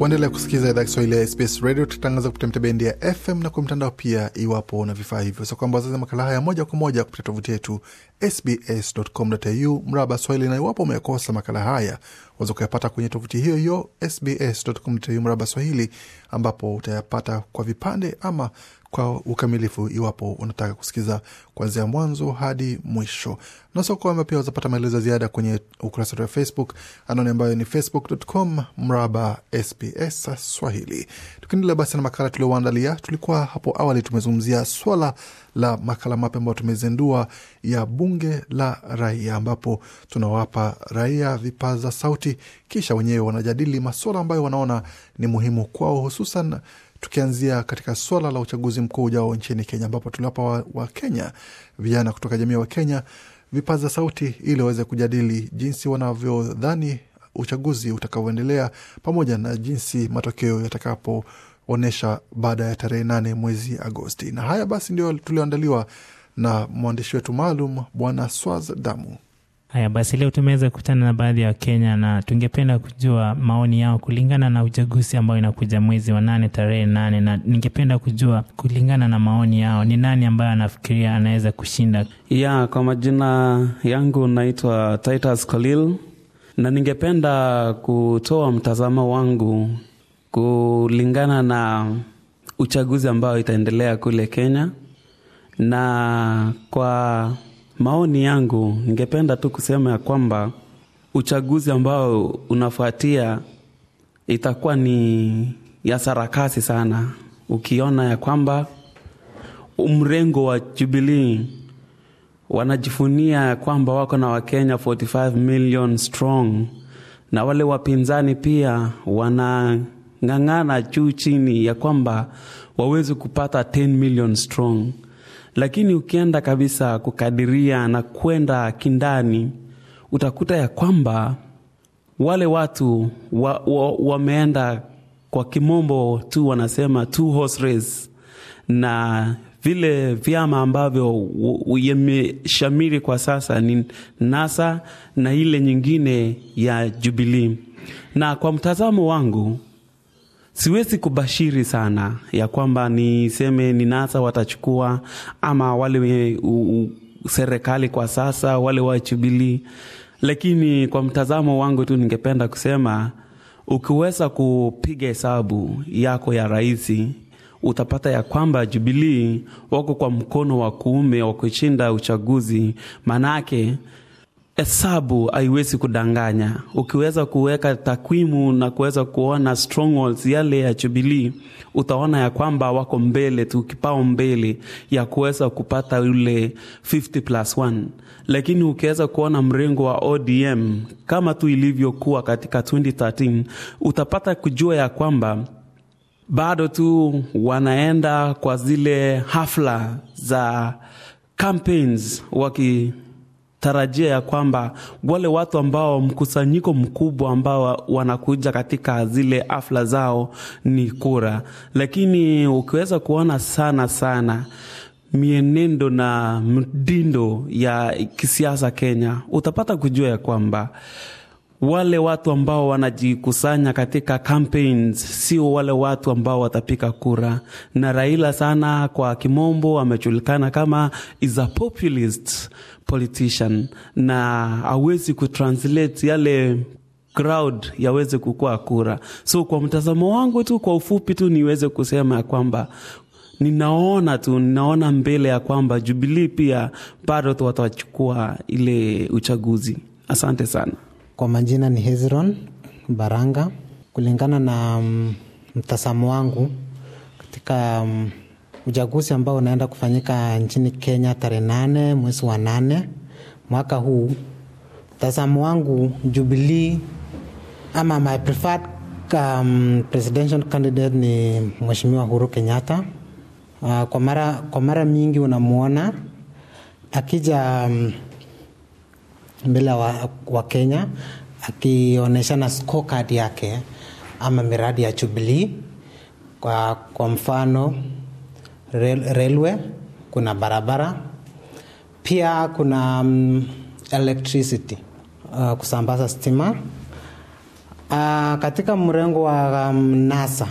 Waendelea kusikiza idhaa Kiswahili ya SBS Radio, tutatangaza kupitia mitabendi ya FM na kwa mtandao pia, iwapo na vifaa hivyo, so kwamba wazazi makala haya moja kwa moja kupitia tovuti yetu sbs.com.au mraba Swahili, na iwapo umekosa makala haya waweza kuyapata kwenye tovuti hiyo hiyo sbs.com.au mraba Swahili, ambapo utayapata kwa vipande ama kwa ukamilifu iwapo unataka kusikiza kuanzia mwanzo hadi mwisho. Nasa kwamba pia wazapata maelezo ya ziada kwenye ukurasa wetu wa Facebook, anaoni ambayo ni facebook.com mraba SPS Swahili. Tukiendelea basi na makala tulioandalia, tulikuwa hapo awali tumezungumzia swala la makala mapya ambayo tumezindua ya bunge la raia, ambapo tunawapa raia vipaza sauti, kisha wenyewe wanajadili masuala ambayo wanaona ni muhimu kwao, hususan tukianzia katika swala la uchaguzi mkuu ujao nchini Kenya, ambapo tuliwapa Wakenya wa vijana kutoka jamii ya Wakenya vipaza sauti ili waweze kujadili jinsi wanavyodhani uchaguzi utakavyoendelea pamoja na jinsi matokeo yatakapoonyesha baada ya tarehe nane mwezi Agosti. Na haya basi ndio tulioandaliwa na mwandishi wetu maalum Bwana Swaz Damu. Haya basi, leo tumeweza kukutana na baadhi ya Wakenya na tungependa kujua maoni yao kulingana na uchaguzi ambao inakuja mwezi wa nane tarehe nane, na ningependa kujua kulingana na maoni yao ni nani ambayo anafikiria anaweza kushinda. Ya, kwa majina yangu naitwa Titus Kolil na ningependa kutoa mtazamo wangu kulingana na uchaguzi ambao itaendelea kule Kenya na kwa Maoni yangu, ningependa tu kusema ya kwamba uchaguzi ambao unafuatia itakuwa ni ya sarakasi sana, ukiona ya kwamba mrengo wa Jubilee wanajifunia ya kwamba wako na Wakenya 45 million strong, na wale wapinzani pia wanang'ang'ana juu chini ya kwamba wawezi kupata 10 million strong. Lakini ukienda kabisa kukadiria na kwenda kindani, utakuta ya kwamba wale watu wa, wa, wameenda kwa kimombo tu wanasema two horse race, na vile vyama ambavyo yameshamiri kwa sasa ni NASA na ile nyingine ya Jubilee. Na kwa mtazamo wangu Siwezi kubashiri sana ya kwamba niseme ni NASA watachukua ama wale serikali kwa sasa wale wa lakini kwa mtazamo wangu tu ningependa kusema ukiweza kupiga hesabu yako ya rahisi utapata ya kwamba jubilii wako kwa mkono wa kuume wa kushinda uchaguzi manake Hesabu haiwezi kudanganya. Ukiweza kuweka takwimu na kuweza kuona strongholds yale ya Jubilee, utaona ya kwamba wako mbele tu, kipao mbele ya kuweza kupata ule 50 plus 1. Lakini ukiweza kuona mrengo wa ODM kama tu ilivyokuwa katika 2013, utapata kujua ya kwamba bado tu wanaenda kwa zile hafla za campaigns waki tarajia ya kwamba wale watu ambao mkusanyiko mkubwa ambao wanakuja katika zile afla zao ni kura, lakini ukiweza kuona sana sana mienendo na mdindo ya kisiasa Kenya, utapata kujua ya kwamba wale watu ambao wanajikusanya katika campaigns sio wale watu ambao watapika kura. Na Raila sana kwa kimombo amejulikana kama is a populist politician, na hawezi kutranslate yale crowd yaweze kukua kura. So kwa mtazamo wangu tu, kwa ufupi tu, niweze kusema ya kwamba ninaona tu ninaona mbele ya kwamba Jubilee pia bado watachukua ile uchaguzi. Asante sana. Kwa majina ni Hezron Baranga. Kulingana na mm, mtazamo wangu katika mm, uchaguzi ambao unaenda kufanyika nchini Kenya tarehe nane mwezi wa nane mwaka huu, mtazamo wangu Jubilee ama my preferred um, presidential candidate ni Mheshimiwa Uhuru Kenyatta. Uh, kwa mara, kwa mara mingi unamwona akija um, mbele wa, wa Kenya akionyeshana scorecard yake ama miradi ya Jubilee kwa, kwa mfano rail, railway, kuna barabara pia kuna um, electricity uh, kusambaza stima uh, katika mrengo wa um, NASA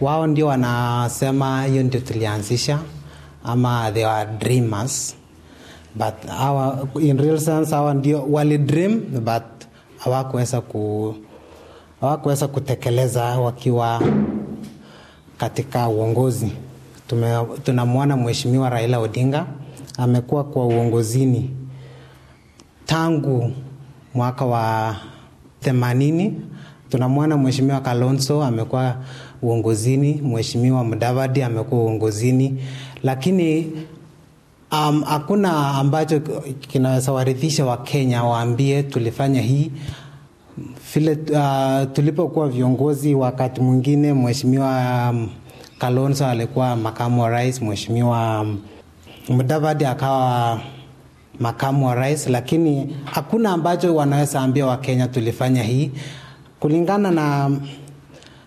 wao ndio wanasema hiyo ndio tulianzisha ama they are dreamers but hawa in real sense hawa ndio wali dream but hawakuweza ku hawakuweza kutekeleza wakiwa katika uongozi. Tunamwona Mheshimiwa Raila Odinga amekuwa kwa uongozini tangu mwaka wa themanini. Tunamwona Mheshimiwa Kalonzo amekuwa uongozini, Mheshimiwa Mudavadi amekuwa uongozini, lakini Um, hakuna ambacho kinaweza waridhisha Wakenya waambie tulifanya hii vile. Uh, tulipokuwa viongozi, wakati mwingine mheshimiwa um, Kalonzo alikuwa makamu wa rais, mheshimiwa um, Mudavadi akawa makamu wa rais, lakini hakuna ambacho wanaweza ambia Wakenya tulifanya hii kulingana na um,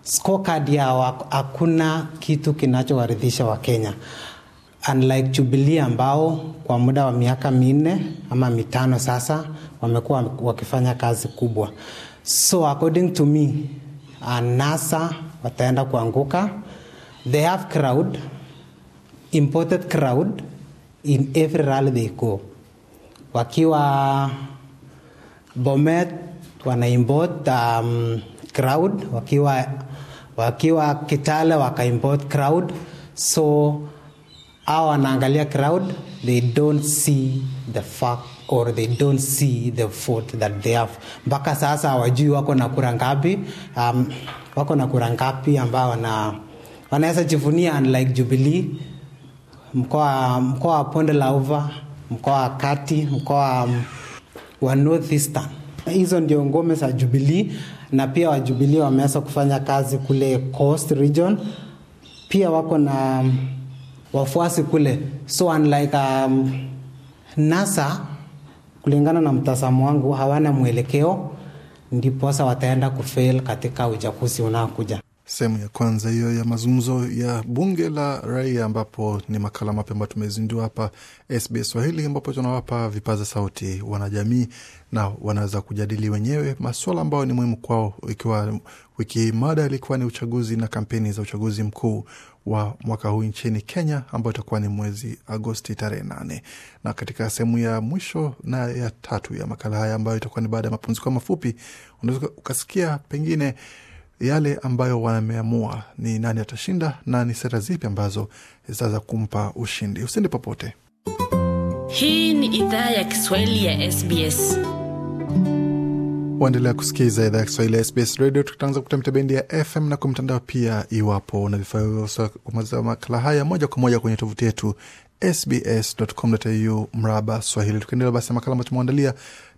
scorecard yao. Hakuna kitu kinachowaridhisha Wakenya unlike Jubilee ambao kwa muda wa miaka minne ama mitano sasa wamekuwa wakifanya kazi kubwa. So according to me, uh, NASA wataenda kuanguka. They have crowd, imported crowd in every rally they go. Wakiwa Bomet wana import um, crowd, wakiwa wakiwa Kitale waka import crowd so au wanaangalia crowd they don't see the fact or they don't see the fault that they have mpaka sasa hawajui wako na kura ngapi um, wako na kura ngapi ambao wana wanaweza jivunia unlike jubilee mkoa mkoa wa ponde la uva mkoa wa kati mkoa um, wa northeastern hizo ndio ngome za jubilee na pia wajubilee wameweza kufanya kazi kule coast region pia wako na um, wafuasi kule. So unlike um, NASA, kulingana na mtazamo wangu, hawana mwelekeo, ndiposa wataenda kufail katika uchaguzi unaokuja. Sehemu ya kwanza hiyo ya mazungumzo ya bunge la raia, ambapo ni makala mapya ambayo tumezindua hapa SBS Swahili, ambapo tunawapa vipaza sauti wanajamii na wanaweza kujadili wenyewe maswala ambayo ni muhimu kwao, ikiwa wiki hii mada ilikuwa ni uchaguzi na kampeni za uchaguzi mkuu wa mwaka huu nchini Kenya, ambayo itakuwa ni mwezi Agosti tarehe nane. Na katika sehemu ya mwisho na ya tatu ya makala haya ambayo itakuwa ni baada ya mapumziko mafupi, unaweza ukasikia pengine yale ambayo wameamua ni nani atashinda na ni sera zipi ambazo zitaweza kumpa ushindi. Usindi popote. Hii ni idhaa ya Kiswahili ya SBS. Waendelea kusikiza idhaa ya Kiswahili ya SBS Radio, tukitangaza kupita mitabendi ya FM na kwa mtandao pia. Iwapo na vifaa vya kumaliza makala haya moja kwa moja kwenye tovuti yetu sbs.com.au mraba Swahili. Tukiendelea basi, makala ambayo tumeandalia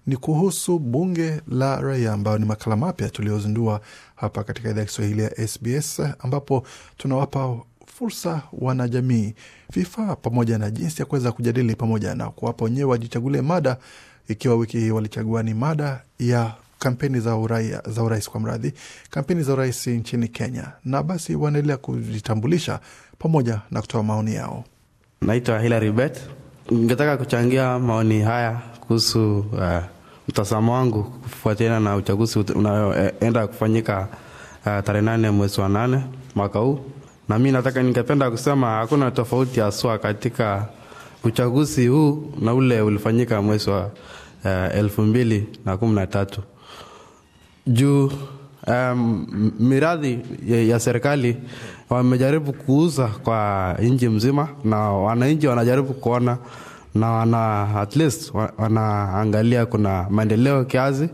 ni kuhusu bunge la raia, ambayo ni makala mapya tuliyozindua hapa katika idhaa ya Kiswahili ya SBS, ambapo tunawapa fursa wanajamii vifaa pamoja na jinsi ya kuweza kujadili pamoja na kuwapa wenyewe wajichagulie mada ikiwa wiki hii walichagua ni mada ya kampeni za urais za urais kwa mradhi kampeni za urais nchini Kenya, na basi wanaendelea kujitambulisha pamoja na kutoa maoni yao. Naitwa Hilary Bet, ningetaka kuchangia maoni haya kuhusu uh, mtazamo wangu kufuatiana na uchaguzi unayoenda kufanyika uh, tarehe nane mwezi wa nane mwaka huu, na mi nataka ningependa kusema hakuna tofauti haswa katika uchaguzi huu na ule ulifanyika mwezi wa uh, elfu mbili na kumi na tatu juu um, miradhi ya, ya serikali wamejaribu kuuza kwa nchi mzima, na wananchi wanajaribu kuona na wana at least wanaangalia kuna maendeleo kiasi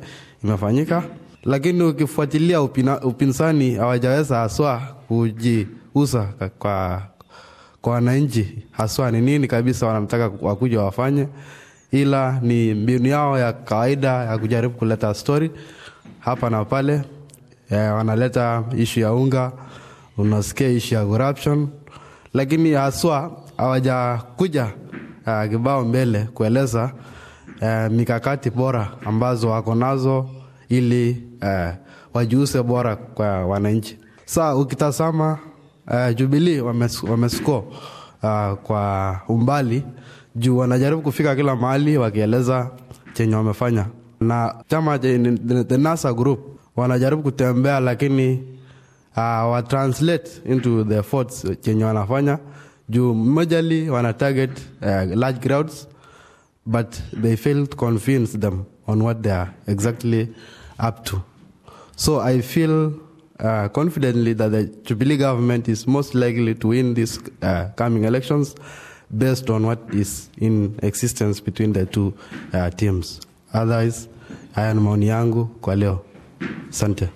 imefanyika, lakini ukifuatilia upinzani hawajaweza haswa kujiuza kwa kwa wananchi haswa ni nini kabisa wanamtaka wakuja wafanye, ila ni mbinu yao ya kawaida ya kujaribu kuleta story hapa na pale eh, wanaleta ishu ya unga, unasikia ishu ya corruption, lakini haswa hawajakuja uh, kibao mbele kueleza uh, mikakati bora ambazo wako nazo ili uh, wajiuse bora kwa wananchi. Saa ukitazama uh, Jubilee wamesuko uh, kwa umbali juu wanajaribu kufika kila mahali wakieleza chenye wamefanya. na chama the NASA group wanajaribu kutembea, lakini uh, wa translate into the efforts chenye wanafanya juu majorly wana target uh, large crowds but they fail to convince them on what they are exactly up to. So I feel uh, confidently that the Jubilee government is most likely to win these uh, ah, coming elections based on what is in existence between the two uh, teams. Otherwise, haya ni maoni yangu kwa leo, asante.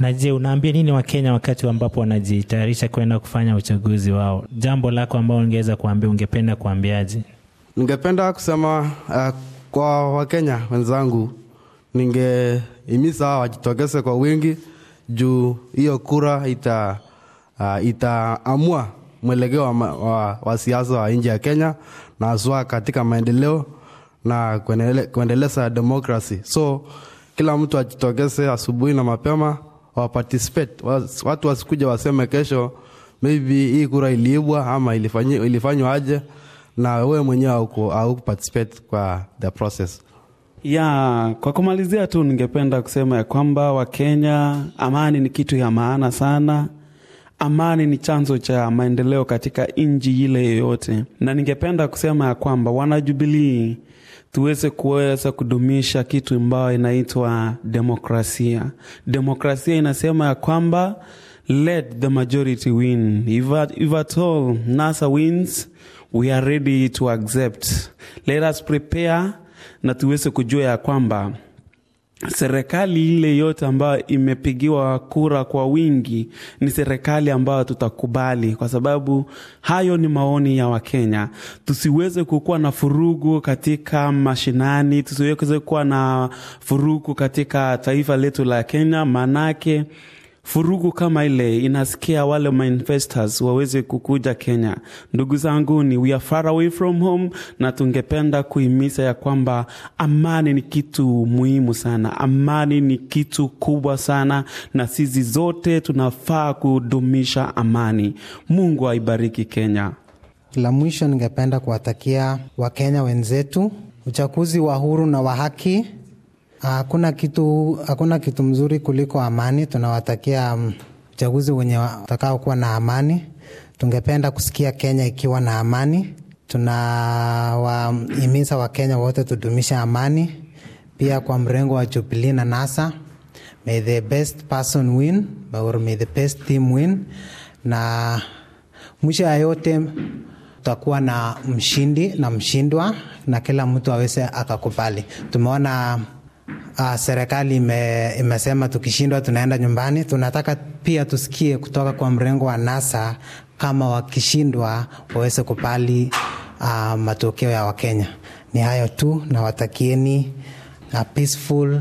Na je, unaambia nini Wakenya wakati ambapo wanajitayarisha kwenda kufanya uchaguzi wao? Jambo lako ambao ungeweza kuambia, ungependa kuambiaje? Ningependa kusema uh, kwa Wakenya wenzangu, ningehimiza wajitokeze kwa wingi juu hiyo kura ita, uh, itaamua mwelekeo wa, wa, wa siasa wa nchi ya Kenya na haswa katika maendeleo na kuendeleza demokrasi. So kila mtu ajitokeze asubuhi na mapema, participate. Watu wasikuja waseme kesho maybe hii kura iliibwa ama ilifanywa aje, na wewe mwenyewe participate kwa the process ya kwa kumalizia tu, ningependa kusema ya kwamba Wakenya, amani ni kitu ya maana sana. Amani ni chanzo cha maendeleo katika nchi ile yoyote, na ningependa kusema ya kwamba wanajubilii tuweze kuweza kudumisha kitu ambayo inaitwa demokrasia. Demokrasia inasema ya kwamba let the majority win. If at, if at all NASA wins, we are ready to accept. Let us prepare na tuweze kujua ya kwamba serikali ile yote ambayo imepigiwa kura kwa wingi ni serikali ambayo tutakubali, kwa sababu hayo ni maoni ya Wakenya. Tusiweze kukuwa na furugu katika mashinani, tusiweze kuwa na furugu katika taifa letu la Kenya, maanake Furugu kama ile inasikia wale mainvestors waweze kukuja Kenya. Ndugu zangu, ni we are far away from home, na tungependa kuhimiza ya kwamba amani ni kitu muhimu sana, amani ni kitu kubwa sana, na sisi zote tunafaa kudumisha amani. Mungu aibariki Kenya. La mwisho, ningependa kuwatakia Wakenya wenzetu uchaguzi wa huru na wa haki Hakuna kitu, hakuna kitu mzuri kuliko amani. Tunawatakia mm, uchaguzi wenye watakao kuwa na amani. Tungependa kusikia Kenya ikiwa na amani. Tunawahimiza Wakenya wote tudumisha amani, pia kwa mrengo wa Jubilee na NASA. May the best person win, or may the best team win. Na mwisho ya yote tutakuwa na mshindi na mshindwa, na kila mtu aweze akakubali. Tumeona Uh, serikali ime, imesema tukishindwa tunaenda nyumbani. Tunataka pia tusikie kutoka kwa mrengo wa NASA kama wakishindwa waweze kupali uh, ah, matokeo ya Wakenya. Ni hayo tu, nawatakieni a peaceful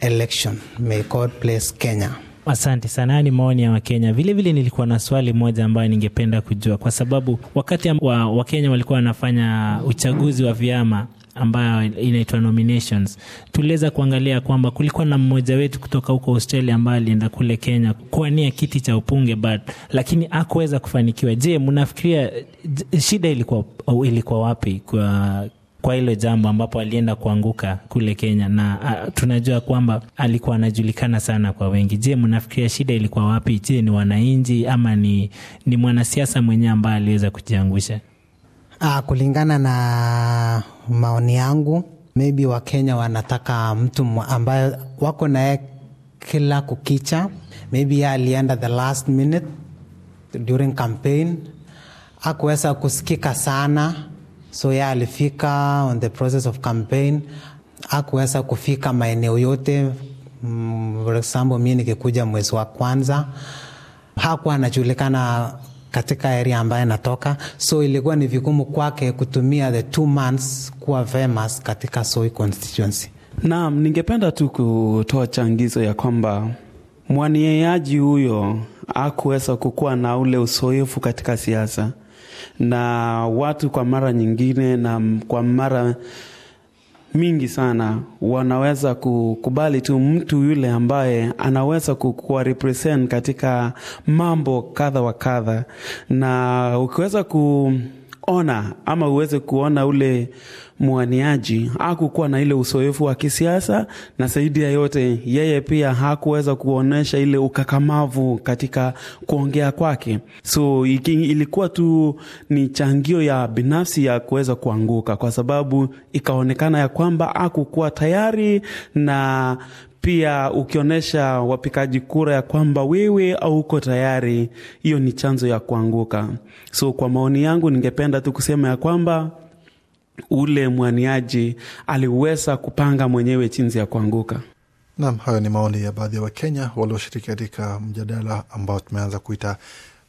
election. May God bless Kenya. Asante sana, ni maoni ya Wakenya. Vilevile nilikuwa na swali moja ambayo ningependa kujua, kwa sababu wakati wa Wakenya walikuwa wanafanya uchaguzi wa vyama ambayo inaitwa nominations, tuliweza kuangalia kwamba kulikuwa na mmoja wetu kutoka huko Australia ambayo alienda kule Kenya kuwania kiti cha upunge but lakini akuweza kufanikiwa. Je, mnafikiria shida ilikuwa, ilikuwa wapi kwa kwa hilo jambo ambapo alienda kuanguka kule Kenya na a, tunajua kwamba alikuwa anajulikana sana kwa wengi. Je, mnafikiria shida ilikuwa wapi? Je, ni wananji ama ni, ni mwanasiasa mwenyewe ambaye aliweza kujiangusha? Aa, ah, kulingana na maoni yangu maybe Wakenya wanataka mtu ambaye wako naye kila kukicha, maybe ye alienda the last minute during campaign, hakuweza kusikika sana, so ye alifika on the process of campaign, hakuweza kufika maeneo yote. Mm, for example, mi nikikuja mwezi wa kwanza hakuwa anajulikana katika area ambayo natoka, so ilikuwa ni vigumu kwake kutumia the two months kuwa famous katika Soi constituency. Naam, ningependa tu kutoa changizo ya kwamba mwaniaji huyo akuweza kukuwa na ule usoefu katika siasa na watu kwa mara nyingine na kwa mara mingi sana wanaweza kukubali tu mtu yule ambaye anaweza kukuwa represent katika mambo kadha wa kadha, na ukiweza kuona ama uweze kuona ule mwaniaji hakukuwa na ile usoefu wa kisiasa, na zaidi ya yote, yeye pia hakuweza kuonyesha ile ukakamavu katika kuongea kwake. So ilikuwa tu ni changio ya binafsi ya kuweza kuanguka, kwa sababu ikaonekana ya kwamba hakukuwa tayari na pia ukionyesha wapikaji kura ya kwamba wewe hauko tayari, hiyo ni chanzo ya kuanguka. So kwa maoni yangu, ningependa tu kusema ya kwamba ule mwaniaji aliweza kupanga mwenyewe chinzi ya kuanguka. Naam, hayo ni maoni ya baadhi ya Wakenya walioshiriki katika mjadala ambao tumeanza kuita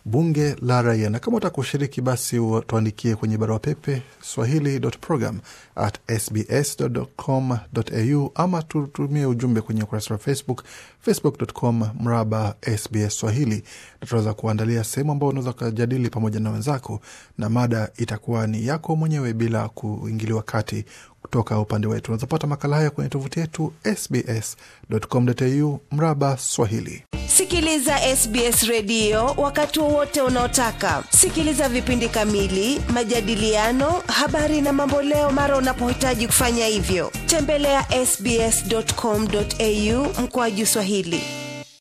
bunge la raia. Na kama utakushiriki basi, tuandikie kwenye barua pepe swahili.program ama tutumie ujumbe kwenye ukurasa wa Facebook, facebook.com mraba SBS Swahili, na tunaweza kuandalia sehemu ambayo unaweza ukajadili pamoja na wenzako, na mada itakuwa ni yako mwenyewe bila kuingiliwa kati kutoka upande wetu. Unazopata makala haya kwenye tovuti yetu sbs.com.au mraba Swahili. Sikiliza SBS redio wakati wowote unaotaka. Sikiliza vipindi kamili, majadiliano, habari na mamboleo mara unapohitaji kufanya hivyo. Tembelea ya sbs.com.au mkoaju Swahili.